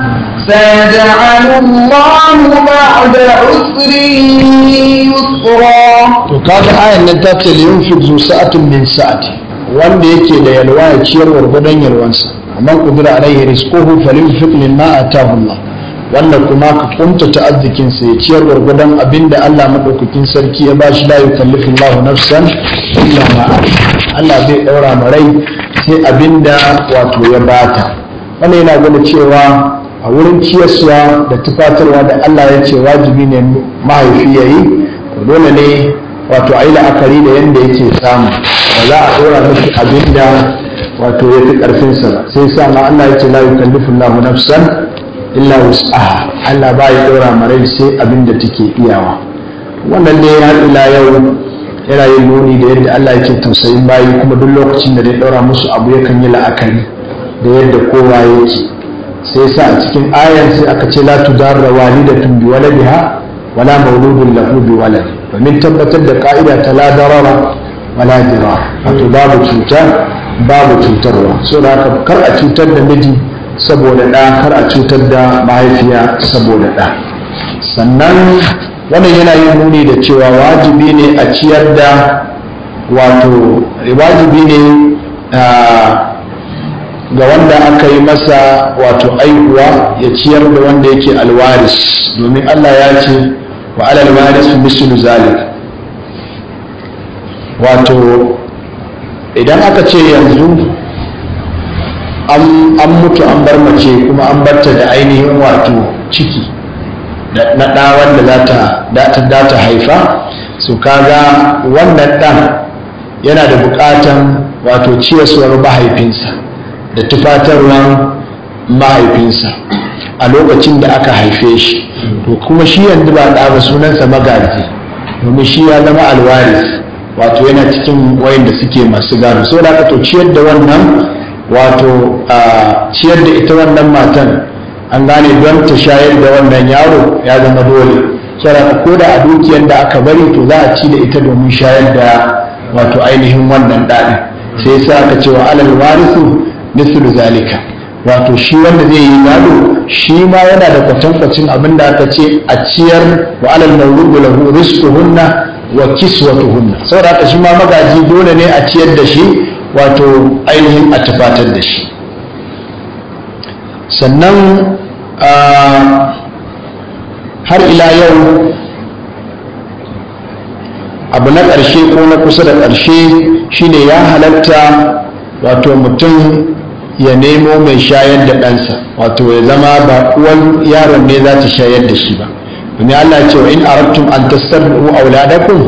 سيجعل الله بعد عسر يسرا تقال آية أن تقتل ينفق ذو ساعة من ساعة وأن يأتي إلى يلوان الشير وربنا يلوان ومن قدر عليه رزقه فلينفق مما آتاه الله wannan kuma ka kunta ta arzikin sa ya ciyar gurgudan abinda Allah madaukakin sarki ya ba shi la yukallifu Allahu nafsan illa ma Allah zai daura ma rai sai abinda wato ya bata wannan yana gwada cewa a wurin ciyarwa da tufatarwa da Allah ya ce wajibi ne mahaifi yayi dole ne wato a yi la'akari da yadda yake samu ba za a ɗora miki abin da wato ya fi ƙarfinsa ba sai sa ma Allah ya ce la yukallifu Allahu nafsan illa wus'aha Allah ba ya dora marai sai abin da take iyawa wannan dai ya ila yau yana yin nuni da yadda Allah yake tausayin bayi kuma duk lokacin da dai ɗora musu abu ya kan yi la'akari da yadda kowa yake sai sa a cikin ayan sai aka ce la tudarra walidatun bi waladiha wala mauludun lahu bi waladi domin tabbatar da ka'ida ta la darara wala dirar wato babu cuta babu cutarwa so da haka kar a cutar da miji saboda ɗa kar a cutar da mahaifiya saboda ɗa sannan wannan yana yin nuni da cewa wajibi ne a ciyar da wato wajibi ne ga wanda aka yi masa wato aihuwa ya ciyar da wanda yake alwaris domin allah ya ce wa alalwaris mislu zalik wato idan aka ce yanzu an mutu an bar mace kuma an barta da ainihin wato ciki na ɗa wanda za ta haifa su kaga wannan ɗan yana da buƙatan wato ciyaswar mahaifinsa da tufatarwar mahaifinsa a lokacin da aka haife shi to kuma shi yanzu ba ɗa ba sunansa magaji domin shi ya zama alwaris wato yana cikin wayan da suke masu gado so da aka to ciyar da wannan wato a ciyar da ita wannan matan an gane don ta shayar da wannan yaro ya zama dole saboda ko da a dukiyar da aka bari to za a ci da ita domin shayar da wato ainihin wannan ɗaɗin sai sa ka cewa alal warisu nisulu zalika wato shi wanda zai yi gado shi ma yana da kwatankwacin abin da aka ce a ciyar wa alal mawludu lahu rizquhunna wa kiswatuhunna saboda haka shi ma magaji dole ne a ciyar da shi wato ainihin a tafatar da shi sannan har ila yau abu na ƙarshe ko na kusa da ƙarshe shine ya halatta wato mutum ya nemo mai shayar da ɗansa wato ya zama ba uwan yaron ne za ta shayar da shi ba domin Allah ce in arattum an tastabbu auladakum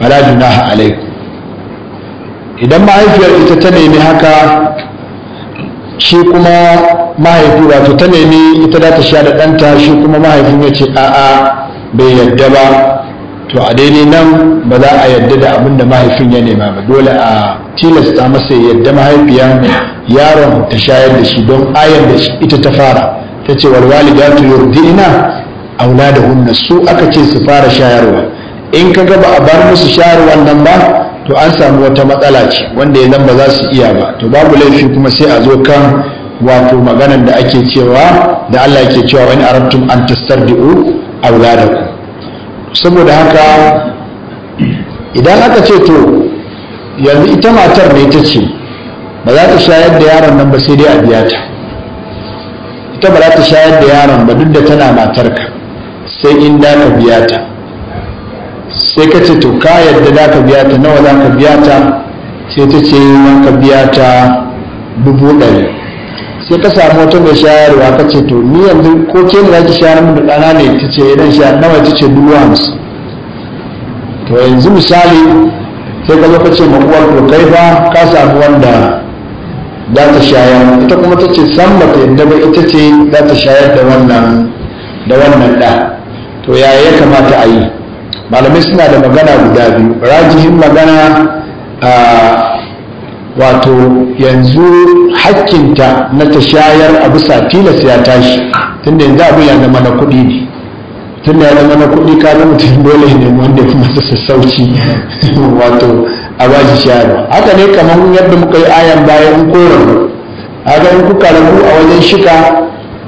fala junaha alaikum idan mahaifiyar ita ta nemi haka shi kuma mahaifi wato ta nemi ita za ta sha da ɗanta shi kuma mahaifin ya ce a'a bai yadda ba to a daidai nan ba za a yadda da abin da mahaifin ya nema ba dole a tilasta masa yadda mahaifiyar yaron ta shayar da shi don ayar da ita ta fara ta ce walwali walwalidatu yurdina auladahunna su aka ce su fara shayarwa in ka ga ba a bar musu shayarwar nan ba to an samu wata matsala ce wanda ya ba za su iya ba to babu laifi kuma sai a zo kan wato maganar da ake cewa da Allah yake cewa wani arabtum an tastardi'u ku. saboda haka idan aka ce to yanzu ita matar ne ta ce ba za ta shayar da yaron nan ba sai dai a biya ta ita ba za ta shayar da yaron ba duk da tana matarka sai in da ka biya ta sai ka ce to ka yadda za ka biya ta nawa za ka biya ta sai ta ce za ka biya ta dubu ɗari sai ka samu wata mai shayarwa ka ce to ni yanzu ko ke da za ki shayar min da ɗana ne ta ce idan eh, shayar nawa ta ce dubu hamsin to yanzu misali sai ka zo ka ce uwar to kai fa ka samu wanda za ta shayar ita kuma ta ce san ba ta yadda ba ita ce za ta shayar da wannan da wannan ɗa to yaya ya kamata a yi malamai suna da magana guda biyu rajihin magana a wato yanzu hakkinta na ta shayar a bisa tilas ya tashi tunda yanzu abin ya zama na kuɗi ne tunda ya zama na kuɗi kaga mutum dole ne wanda ya masa <laughs> wato a ba shayarwa haka ne kamar yadda muka yi ayan bayan koren haka in kuka rabu a wajen shika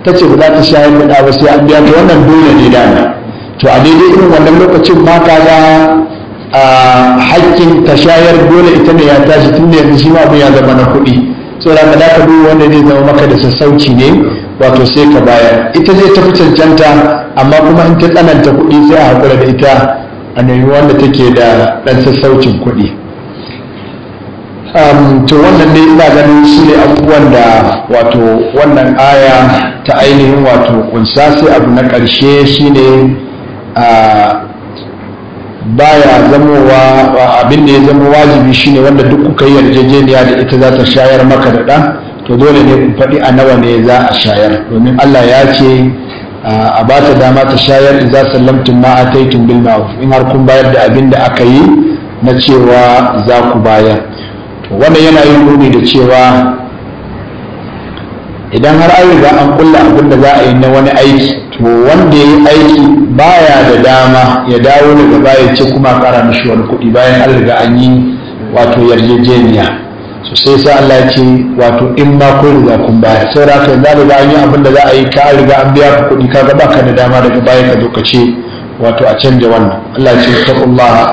ta ce ba za ta shayar da ɗa ba sai an biya ta wannan dole ne dana to a daidai irin wannan lokacin ma ka ga a hakkin ta shayar dole ita ne ya tashi tun da yanzu shi ma abin ya zama na kuɗi so da ka daka duba wanda zai zama maka da sassauci ne wato sai ka bayar ita zai tafi cancanta amma kuma in ta tsananta kuɗi sai a haƙura da ita a nemi wanda take da ɗan sassaucin kuɗi. to wannan dai ina ganin shi ne abubuwan da wato wannan aya ta ainihin wato kunsa sai abu na ƙarshe shine baya zamowa abin da ya zama wajibi shine wanda duk kuka yi yarjejeniya da ita za ta shayar maka da ɗa to dole ne ku faɗi a nawa ne za a shayar domin Allah ya ce a ba ta dama ta shayar in za sallamtum ma ataitum bil ma'ruf in har kun bayar da abin da aka yi na cewa za ku bayar to wannan yana yin nuni da cewa idan har an riga an kulla abin da za a yi na wani aiki to wanda ya yi aiki baya da dama ya dawo daga baya ce kuma kara mishi wani kuɗi bayan an riga an yi wato yarjejeniya so sai sa Allah ce wato in ma kun riga kun baya sai ra ka yanzu riga an yi abin da za a yi ka riga an biya ku kuɗi ka gaba ka da dama daga baya ka zo ka ce wato a canja wannan Allah ce taqullaha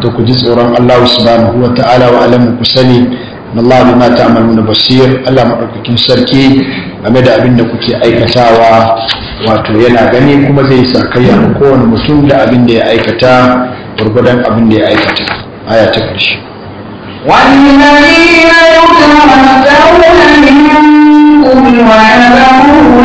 to ku ji tsoron Allah subhanahu wa ta'ala wa alamu ku sani Allah bima ta'maluna basir Allah madaukakin sarki game da abin da kuke aikatawa wato yana gani kuma zai sa kai ga kowane mutum da abin da ya aikata gurgudan abin da ya aikata aya ta ƙarshe والذين يتمتعون منكم ويبغون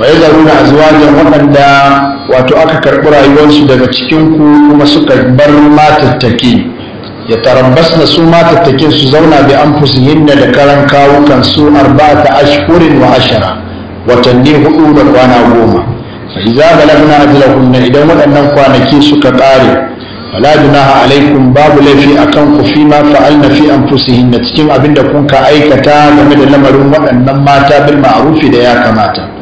wa a zuwa azwajan waɗanda wato aka karɓi rayuwarsu daga cikin ku kuma suka bar matattaki ya na su matattakin su zauna bi anfusihinna da karan kawukan su arba'ata ashhurin wa ashara watanni hudu da kwana goma fa idza balagna ajalahunna idan waɗannan kwanaki suka ƙare wala junaha alaikum babu laifi akan ku fi ma fa'alna fi anfusihinna cikin abinda kun ka aikata game da lamarin waɗannan mata bil ma'rufi da ya kamata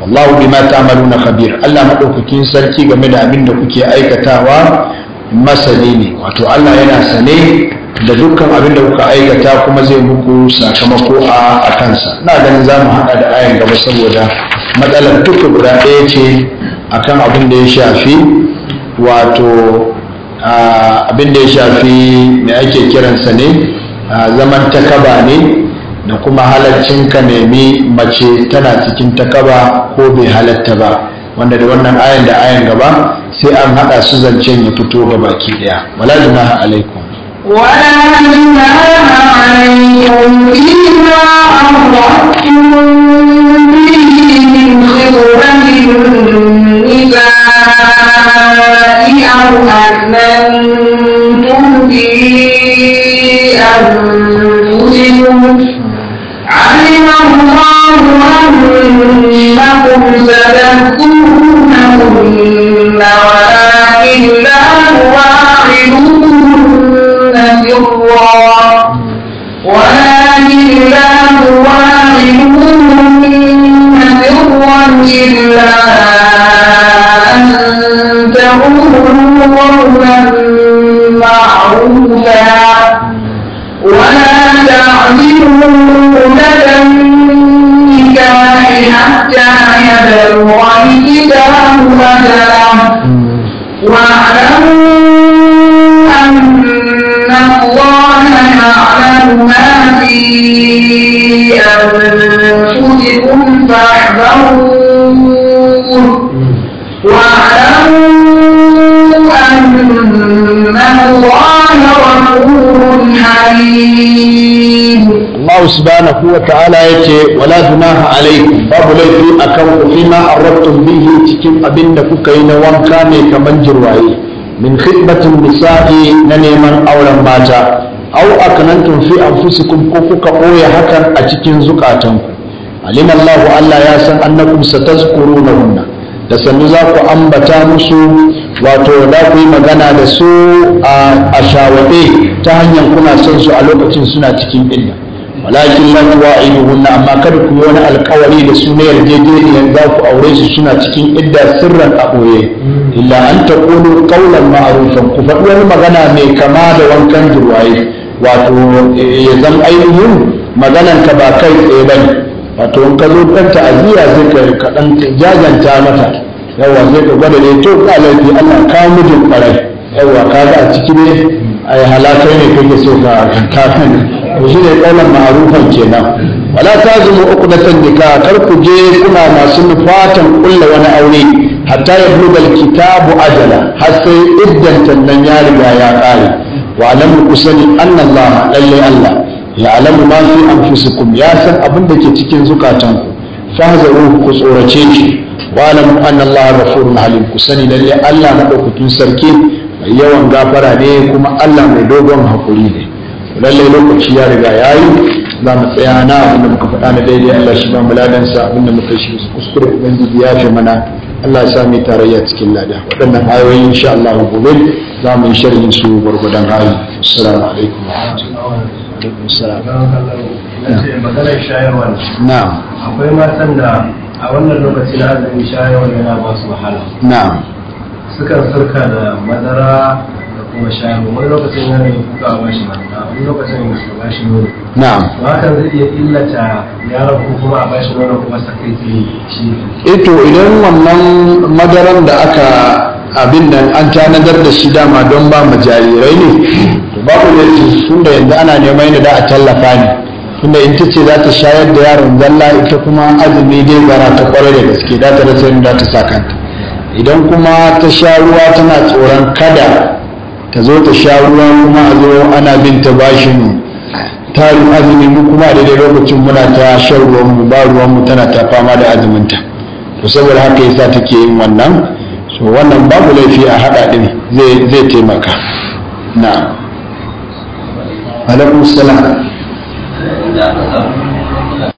wallahu bima ta'maluna khabir Allah madaukakin sarki game da abin da kuke aikatawa masani ne wato Allah yana sane da dukkan abin da kuka aikata kuma zai muku sakamako a kansa Ina ganin za mu haɗa da ayan gaba saboda matsalar duka guda ɗaya ce akan abin da ya shafi wato abin da ya shafi mai ake kiransa ne zaman takaba ne da kuma halaccin ka nemi mace tana cikin takaba ko bai halatta ba wanda da wannan ayan da ayan gaba sai an haɗa su zancen ya fito ga baki ɗaya wala junaha alaikum ولا جناح أو في أنفسكم الله أنكم ستذكرونهن ولكن لا تواعدوهن سرا Allah subhanahu wa ta'ala ya ce wala junaha alaikum babu laifi akan ku fima arrabtum bihi cikin abin da kuka yi na wanka mai kaman jirwaye min khidmatin nisa'i na neman auren mata aw akanantum fi su ko kuka ɓoye hakan a cikin zukatanku alima Allah Allah ya san na satazkurunahunna da sannu za ku ambata musu wato za ku yi magana da su a shawabe ta hanyar kuna son su a lokacin suna cikin illa walakin yi tuwa'iduhunna amma kada ku yi wani alkawari da su ne yarjejeniyar za ku aure su suna cikin idda sirran a ɓoye illa an taqulu ƙaunar ma'arufan, ku faɗi wani magana mai kama da wankan jirwaye wato e, ya zan ainihin maganan ka ba kai tsaye bane wato in ka zo kan ta'aziyya sai ka kaɗan jajanta mata yawa sai ka gwada ne to ka laifi Allah ka mijin barai yawa ka ga a ciki ne a halakai ne kake so ka kafin to shi ne kaulan ma'arufan kenan wala ta zumu uku da sandika kar ku je kuna masu nufatan kulla wani aure hatta ya blugal kitabu ajala har sai iddan nan ya riga ya kare wa alamu ku sani annallaha lalle Allah ya alamu ma fi anfusikum ya san abin da ke cikin zukatanku fahzaru ku tsorace shi wa'alamu anna Allah ghafurun halim ku sani lalle Allah na madaukakin sarki mai yawan gafara ne kuma Allah mai dogon hakuri ne lalle lokaci ya riga yayi za mu tsaya na abinda muka faɗa na daidai Allah shi ba mu sa abinda muka shi kuskure ubangiji ya fi mana Allah ya sa tarayya cikin lada waɗannan ayoyi insha Allah gobe za mu yi sharhin su gurgudan hali assalamu alaikum wa rahmatullahi wa barakatuh na'am akwai matan da a wannan lokacin azumi shayarwar yana ba su wahala na'am sukan sarka da madara da kuma shayarwa wani lokacin yana yin kuka a bashi madara wani lokacin yana a bashi nono na'am to hakan zai iya illata yaron ko kuma a bashi nono kuma sakai shi eto eh idan wannan madaran da aka abin nan an tanadar da shi dama don ba ma jarirai ne to babu yadda tun da yanzu ana neman yadda da a tallafa ne tunda in ta ce za ta shayar da yaron zalla ita kuma azumi dai bara ta kwarai da gaske za ta rasa yadda ta sa kanta idan kuma ta sha ruwa tana tsoron kada ta zo ta sha ruwa kuma a zo ana bin ta ta yi azumi mu kuma a daidai lokacin muna ta shan ruwan mu ba ruwan mu tana ta fama da azuminta to saboda haka yasa take yin wannan so wannan babu laifi a haɗa din zai taimaka na'am alaikum salam that. So